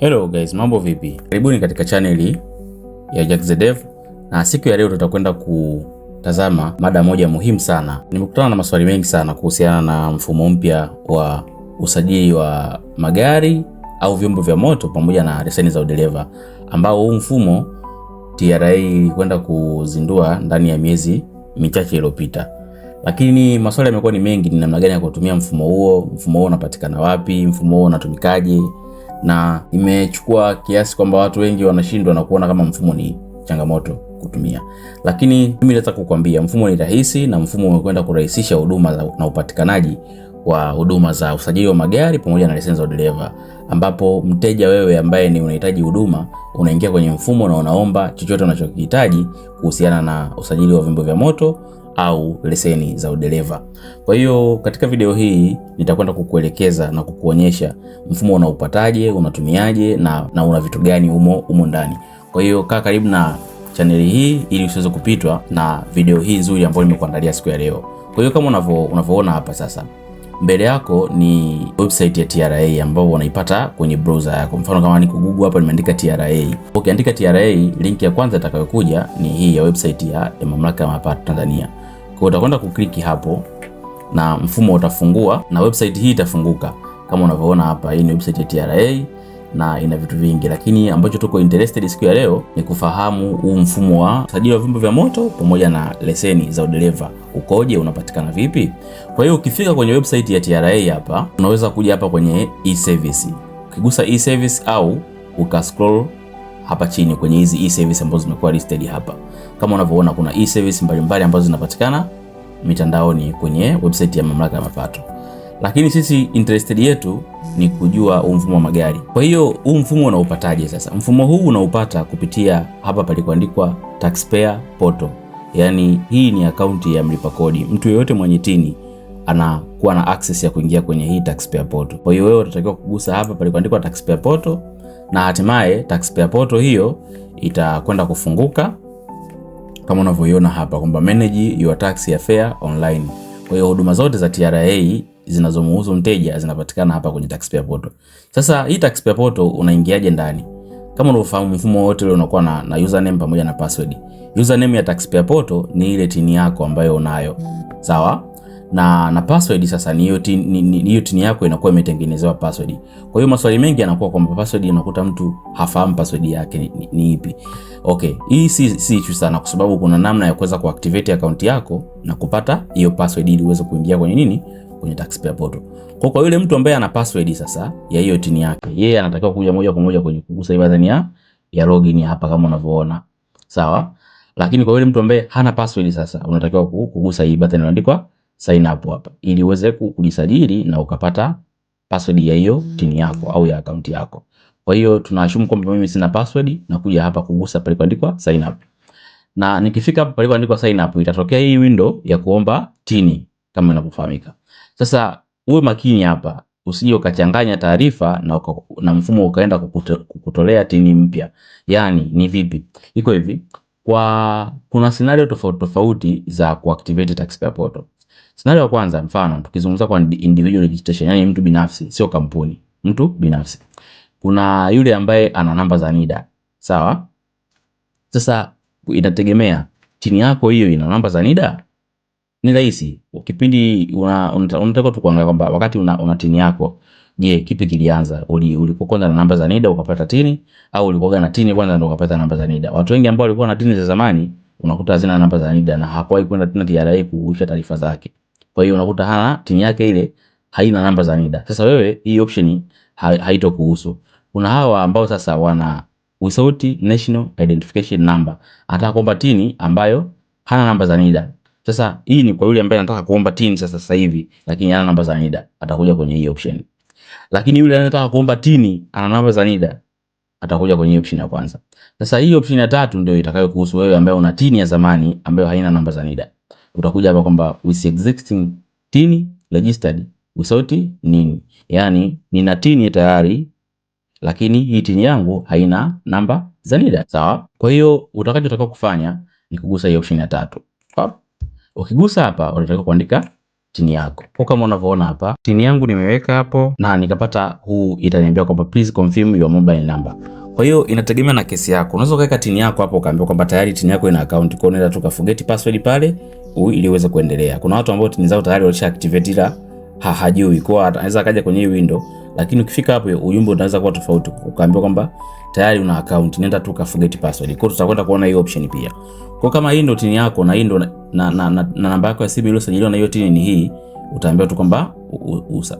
Hello guys, mambo vipi? Karibuni katika chaneli ya Jax Dev, na siku ya leo tutakwenda kutazama mada moja muhimu sana. Nimekutana na maswali mengi sana kuhusiana na mfumo mpya wa usajili wa magari au vyombo vya moto pamoja na leseni za udereva ambao huu mfumo TRA kwenda kuzindua ndani ya miezi michache iliyopita, lakini maswali yamekuwa ni mengi, ni namna gani ya kutumia mfumo huo, mfumo huo unapatikana wapi, mfumo huo unatumikaje na imechukua kiasi kwamba watu wengi wanashindwa na kuona kama mfumo ni changamoto kutumia, lakini mimi nataka kukwambia mfumo ni rahisi na mfumo umekwenda kurahisisha huduma na upatikanaji wa huduma za usajili wa magari pamoja na leseni za udereva, ambapo mteja wewe ambaye ni unahitaji huduma unaingia kwenye mfumo na unaomba chochote unachokihitaji kuhusiana na usajili wa vyombo vya moto au leseni za udereva. Kwa hiyo katika video hii nitakwenda kukuelekeza na kukuonyesha mfumo unaupataje, unatumiaje na, na una vitu gani humo humo ndani. Kwa hiyo kaa karibu na chaneli hii ili usiweze kupitwa na video hii nzuri ambayo nimekuandalia siku ya leo. Kwa hiyo kama unavyo unavyoona hapa sasa mbele yako ni website ya TRA ambayo unaipata kwenye browser yako. Mfano kama niko Google hapa nimeandika TRA. Ukiandika TRA, link ya kwanza itakayokuja ni hii ya website ya Mamlaka ya Mapato Tanzania. Kwa utakwenda kukliki hapo na mfumo utafungua na website hii itafunguka kama unavyoona hapa. Hii ni website ya TRA na ina vitu vingi, lakini ambacho tuko interested siku ya leo ni kufahamu huu mfumo wa usajili wa vyombo vya moto pamoja na leseni za udereva ukoje, unapatikana vipi? Kwa hiyo ukifika kwenye website ya TRA hapa, unaweza kuja hapa kwenye e-service. Ukigusa e-service au ukascroll hapa chini kwenye hizi e-service ambazo zimekuwa listed hapa. Kama unavyoona kuna e-service mbalimbali ambazo zinapatikana mitandaoni kwenye website ya Mamlaka ya Mapato, lakini sisi interested yetu ni kujua huu mfumo wa magari. Kwa hiyo huu mfumo unaupataje? Sasa mfumo huu unaupata kupitia hapa palikoandikwa taxpayer portal, yaani hii ni akaunti ya mlipa kodi. Mtu yeyote mwenye tini anakuwa na access ya kuingia kwenye hii taxpayer portal. Kwa hiyo wewe utatakiwa kugusa hapa palikuandikwa taxpayer portal na hatimaye taxpayer portal hiyo itakwenda kufunguka kama unavyoiona hapa kwamba manage your tax affair online. Kwa hiyo huduma zote za TRA zinazomhusu mteja zinapatikana hapa kwenye taxpayer portal. Sasa hii taxpayer portal unaingiaje ndani? Kama unavyofahamu mfumo wote ule unakuwa na, na username pamoja na password. Username ya taxpayer portal ni ile tini yako ambayo unayo. Sawa? na na password sasa ni hiyo ni, ni, ni yako inakuwa imetengenezewa password. Kwa hiyo maswali mengi yanakuwa kwamba password, inakuta mtu hafahamu password yake ni, ni, ni ipi. Okay, hii si si issue sana kwa sababu kuna namna ya kuweza kuactivate account yako na kupata hiyo password ili uweze kuingia kwenye nini kwenye taxpayer portal. Kwa kwa yule mtu ambaye ana password sasa ya hiyo tin yake, yeye anatakiwa kuja moja kwa moja kwenye kugusa hiyo button ya ya login hapa kama unavyoona. Sawa? Lakini kwa yule mtu ambaye hana password sasa, unatakiwa kugusa hii button iliyoandikwa sign up hapa ili uweze kujisajili na ukapata password ya hiyo mm. tini yako au ya account yako. Kwa hiyo tunaashumu kwamba mimi sina password, na kuja hapa kugusa palipoandikwa sign up. Na nikifika hapa palipoandikwa sign up itatokea hii window ya kuomba tini kama inavyofahamika. Sasa uwe makini hapa usije ukachanganya taarifa na, na mfumo ukaenda kukutolea tini mpya. Yaani ni vipi? Iko hivi. Kwa kuna scenario tofauti tofauti za kuactivate taxpayer portal. Scenario ya kwanza mfano tukizungumza kwa individual registration, yani mtu binafsi sio kampuni, mtu binafsi. Kuna yule ambaye ana namba za NIDA, sawa? Sasa inategemea chini yako hiyo ina namba za NIDA. Ni rahisi kipindi unataka tu kuangalia kwamba wakati una, una tini yako, je, kipi kilianza? Ulikuwa kwanza na namba za NIDA ukapata tini, au ulikuwa na tini kwanza ndio ukapata namba za NIDA? Watu wengi ambao walikuwa na tini za zamani unakuta hazina namba za NIDA na hakuwahi kwenda tena TRA kuhuisha taarifa zake. Kwa hiyo unakuta hana timu yake ile haina namba za NIDA. Sasa wewe hii option ha, haitokuhusu. Kuna hawa ambao sasa wana without national identification number, anataka kuomba tini ambayo hana namba za NIDA. Sasa hii ni kwa yule ambaye anataka kuomba tini sasa sasa hivi, lakini hana namba za NIDA, atakuja kwenye hii option. Lakini yule anataka kuomba tini ana namba za NIDA, atakuja kwenye option ya kwanza. Sasa hii option ya tatu ndio itakayokuhusu wewe ambaye una tini ya zamani ambayo haina namba za NIDA utakuja hapa kwamba with existing tini registered without nini, yani nina tini tayari, lakini hii tini yangu haina namba za NIDA. Sawa, kwa hiyo utakachotakiwa kufanya ni kugusa hiyo option ya tatu. Ukigusa hapa unatakiwa kuandika tini yako. Kwa kama unavyoona hapa, tini yangu nimeweka hapo na nikapata huu, itaniambia kwamba please confirm your mobile number. Kwa hiyo inategemea na kesi yako. Unaweza kuweka tini yako hapo ukaambia kwamba tayari tini yako ina account, kwa hiyo unaenda tu kuforget password pale ili uweze kuendelea. Kuna watu ambao tini zao tayari walisha activate ila hajui, kwa hiyo anaweza kaja kwenye hii window, lakini ukifika hapo ujumbe unaweza kuwa tofauti, ukaambia kwamba tayari una account, nenda tu kuforget password. Kwa hiyo tutakwenda kuona hiyo option pia. Kwa kama hii ndio tini yako na hii ndio na namba yako ya simu iliyosajiliwa na hiyo tini ni hii utaambiwa tu kwamba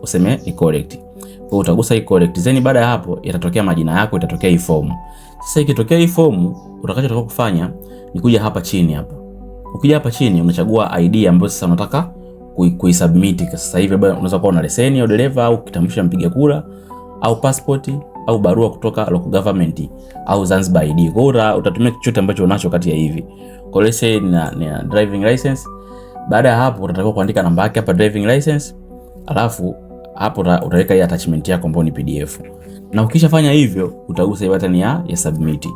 useme ni correct. Kwa hiyo utagusa hii correct. Then baada ya hapo itatokea majina yako, itatokea hii form. Sasa ikitokea hii form, utakachotaka kufanya ni kuja hapa chini hapa. Ukija hapa chini unachagua ID ambayo sasa unataka kuisubmit. Sasa hivi labda unaweza kuwa una leseni au dereva au kitambulisho cha mpiga kura au passport au barua kutoka local government au Zanzibar ID. Kwa hiyo utatumia chochote ambacho unacho kati ya hivi. Kwa leseni na, na driving license baada ya hapo utatakiwa kuandika namba yake hapa driving license, alafu hapo utaweka hii attachment yako ambayo ni PDF. Na ukishafanya hivyo utagusa hii button ya, ya submit.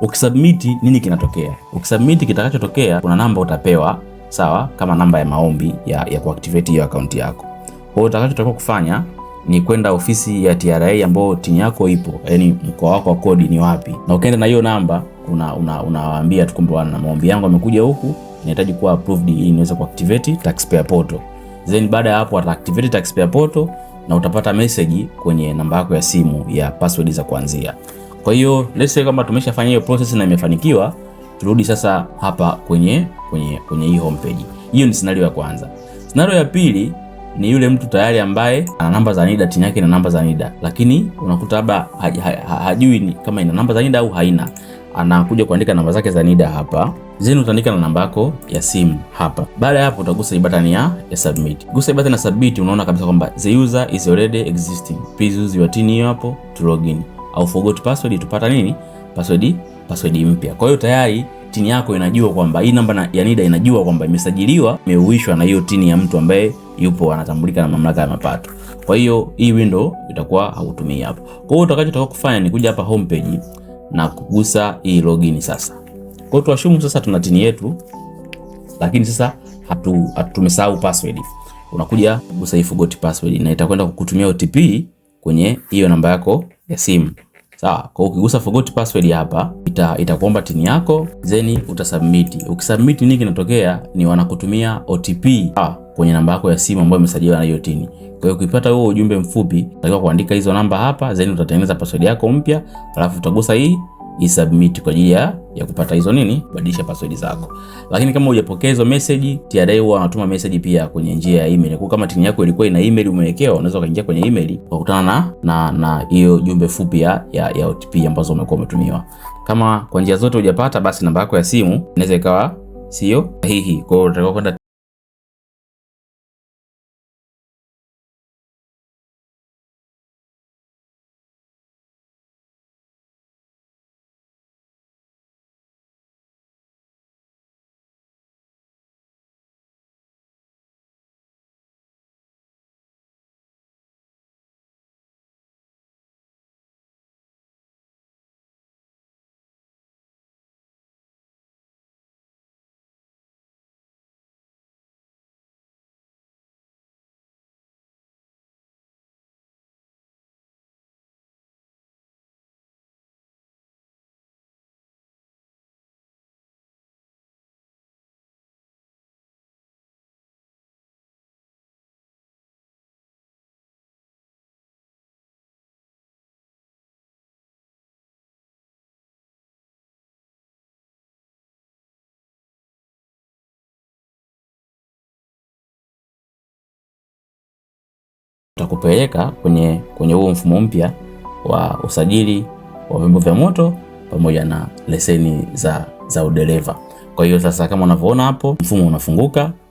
Ukisubmit nini kinatokea? Ukisubmit kitakachotokea kuna namba utapewa, sawa, kama namba ya maombi ya, ya kuactivate hiyo account yako. Kwa hiyo utakachotakiwa kufanya ni kwenda ofisi ya TRA ambayo timu yako ipo, yani mkoa wako wa kodi ni wapi, na ukaenda na hiyo namba unawaambia una, una tu kwamba na maombi yangu amekuja huku inahitaji kuwa approved ili niweze kuactivate taxpayer portal. Then baada ya hapo ata activate taxpayer portal na utapata message kwenye namba yako ya simu ya password za kuanzia. Kwa hiyo let's say kama tumeshafanya hiyo process na imefanikiwa, turudi sasa hapa kwenye kwenye kwenye hii homepage. Hiyo ni scenario ya kwanza. Scenario ya pili ni yule mtu tayari ambaye ana namba za NIDA, TIN yake ina namba za NIDA, lakini unakuta labda hajui kama ina namba za NIDA au haina. Anakuja kuandika namba zake za NIDA hapa then utaandika na namba yako ya simu hapa. Baada ya hapo utagusa hii button ya, ya submit. Gusa button ya submit, unaona kabisa kwamba the user is already existing. Please use your TIN hapo to login au forgot password, tupata nini password, password mpya. Kwa hiyo tayari TIN yako inajua kwamba hii namba ya NIDA inajua kwamba imesajiliwa, imeuishwa na hiyo TIN ya mtu ambaye yupo anatambulika na mamlaka ya mapato. Kwa hiyo hii window itakuwa hautumii hapo. Kwa hiyo utakachotaka kufanya ni kuja hapa homepage na kugusa hii login sasa. Kwa hiyo tuashumu sasa tuna tini yetu, lakini sasa hatu, hatu tumesahau password. Unakuja kugusa forgot password na itakwenda kukutumia OTP kwenye hiyo namba yako ya simu. Sawa, kwa ukigusa forgot password hapa ita, itakuomba tini yako zeni utasubmit. Ukisubmit nini kinatokea? Ni wanakutumia OTP sawa, kwenye namba yako ya simu ambayo imesajiliwa na hiyo tini. Kwa hiyo ukipata huo ujumbe mfupi, unatakiwa kuandika hizo namba hapa zeni utatengeneza password yako mpya, alafu utagusa hii isubmit kwa ajili ya ya kupata hizo nini, badilisha password zako. Lakini kama hujapokea hizo message, TRA huwa wanatuma message pia kwenye njia ya email. Kwa kama timu yako ilikuwa ina email umewekewa, unaweza ukaingia kwenye email ukakutana na na hiyo jumbe fupi ya ya OTP ambazo umekuwa umetumiwa. Kama kwa njia zote hujapata, basi namba yako ya simu inaweza ikawa sio sahihi, kwa hiyo utakao kwenda tutakupeleka kwenye kwenye huo mfumo mpya wa usajili wa vyombo vya moto pamoja na leseni za, za udereva. Kwa hiyo sasa, kama unavyoona hapo, mfumo unafunguka.